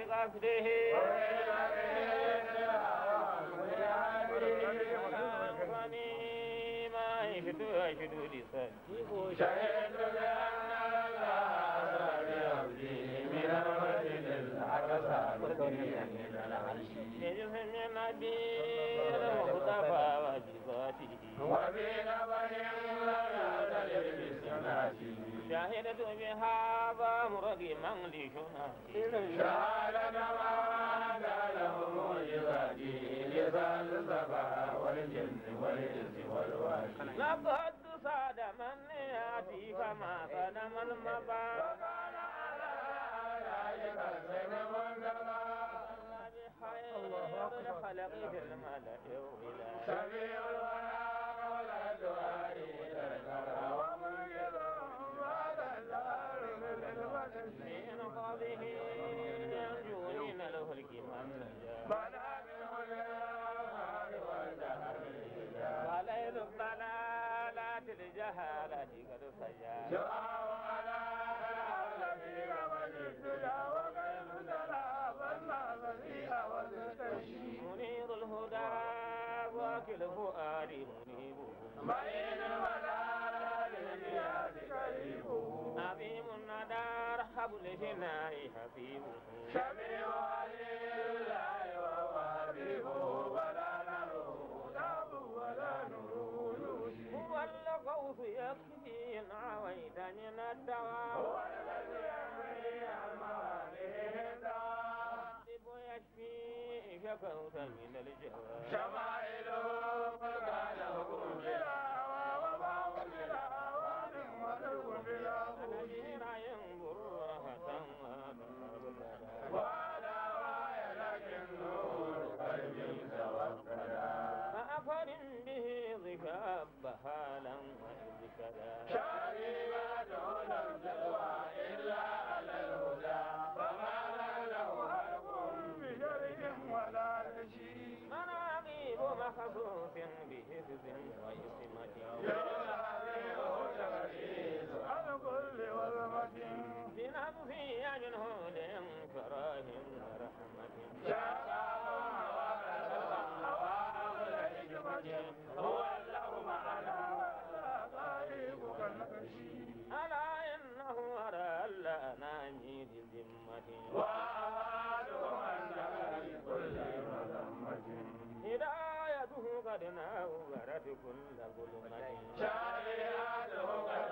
بقصده ما يشهد يشهد لصدقه شهد بأن الله بعبده من المسجد الأقصى مسجدا للعرش يجب من عبيد وخطفى وجباته وبين بهم لنا شاهدت بهذا مرغما لشناتي شعل نواد له معجزاتي لفلسفة والجن والإنس والوحي لقد صاد من يأتي فما صدم المبادئ وكان على ذلك الزين منتظر الله أكبر خلق في الملأ سميع الغنى والأدواء به يرجو من الهلك منجا عليه الضلالات لجهالة قد سجى دعاء على العالمين والدنيا وغير الهدى والمعصية والتشيء منير الهدى واكل فؤادي منيب معين الولى للجهاد قريب عظيم الندى حبل جناي حبيبه شبيه لله وحبيبه ولا نروه دابه ولا نروه هو الغوث يكفي إن عويتني من الدواء هو الذي يمحي عن مواليه الدواء يشفي شكوت من الجواب شمائله قد له بلا منه لإنكراهم ورحمة يا قوم وكلهم وأول حكمة هو اللهم على طريقك المكشي ألا إنه أرى الأنام بذمة وأهالهم أن كل مذمة هدايته قد ناورت كل ظلمة شريعته قد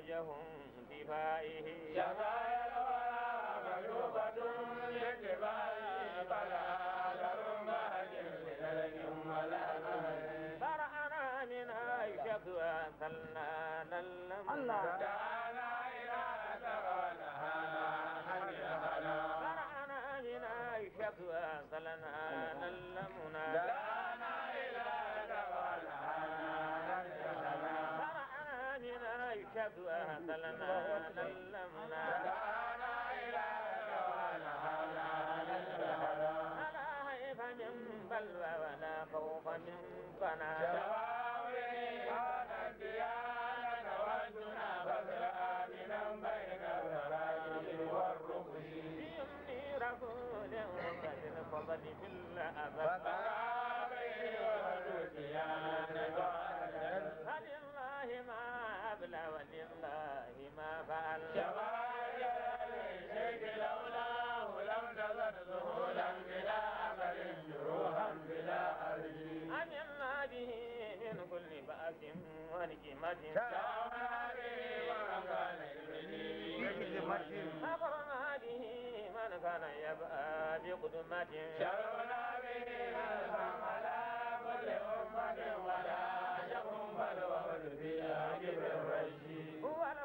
فرجهم بمائه يا غير ولا ملوبة للجبال بلا أشهد أن لا لم لا لا إله ولا لا خوف من بلوى ولا خوف من فنا جوابي كان الديانة والدنا بذل آمنا بين الراجل والركن يمني رسول وقد الفضل بالأبد فقابي والديانة وأجل فلله ما الفضل ولله ما فعل شواهد للشرك لولاه لم تزل ذهولا بلا أمل جروحا بلا أرجي أمنا به من كل بأس ونكمة شاونا به ورقان أمرنا به من كان يبقى بقدمة شاونا به من على كل أمة ولا يقوم بل وهو في عجب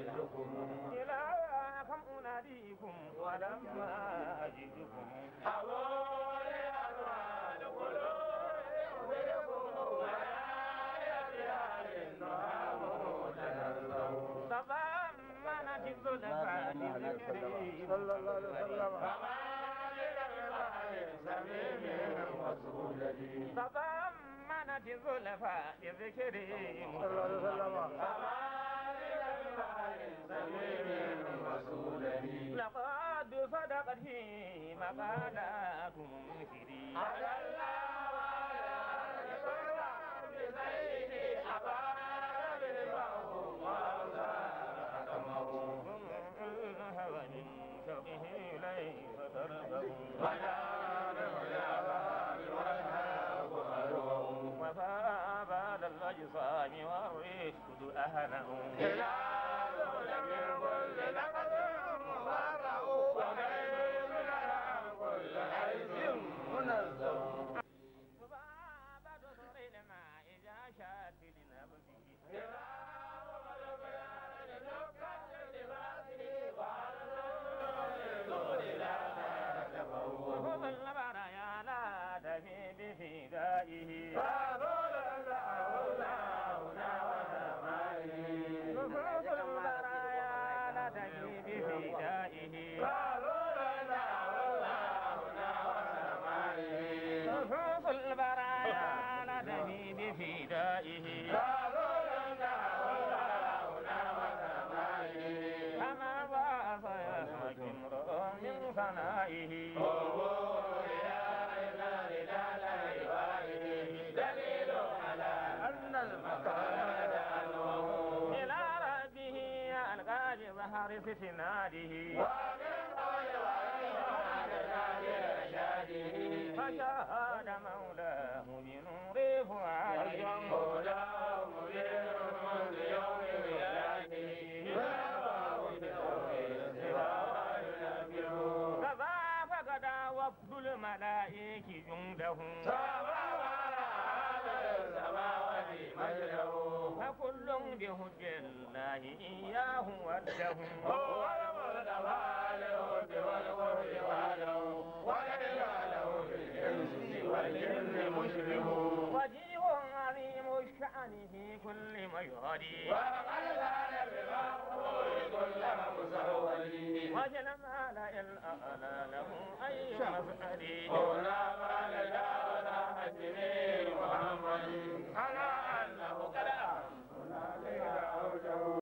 أبلغكم إلهكم أناديكم ولما أجدكم حوالي أنوال قلوب يخبركم ولا يبيع النهام تنظروا تضمنت الزلفاء لذكري صلى الله عليه وسلم فما للبحر سميم وسهولتي تضمنت الزلفاء لذكري صلى الله عليه وسلم سميع رسولا لقد صدقت مقالاتكم الله يشهد أهله البران دمي بفدائه كما باص يسمك امرؤ من فنائه دليل على أن المكان أنه إلى ربه ألقى بظهر فتناده فشهد مولاه بنور فؤاده مولاه بنور يوم ولاده فغدا وفد الملائك جنده سبا ولا على السماوات مجده كل بحج الله إياه وده هو المرتضى للهدى والقرب وحده له في والجن مشرف عظيم الشأن في كل مجهدي وقد زال بمقبول كل مسهولي وجل ما لا الأعلى له أي مسألي هنا ما لجاوز حسنين محمد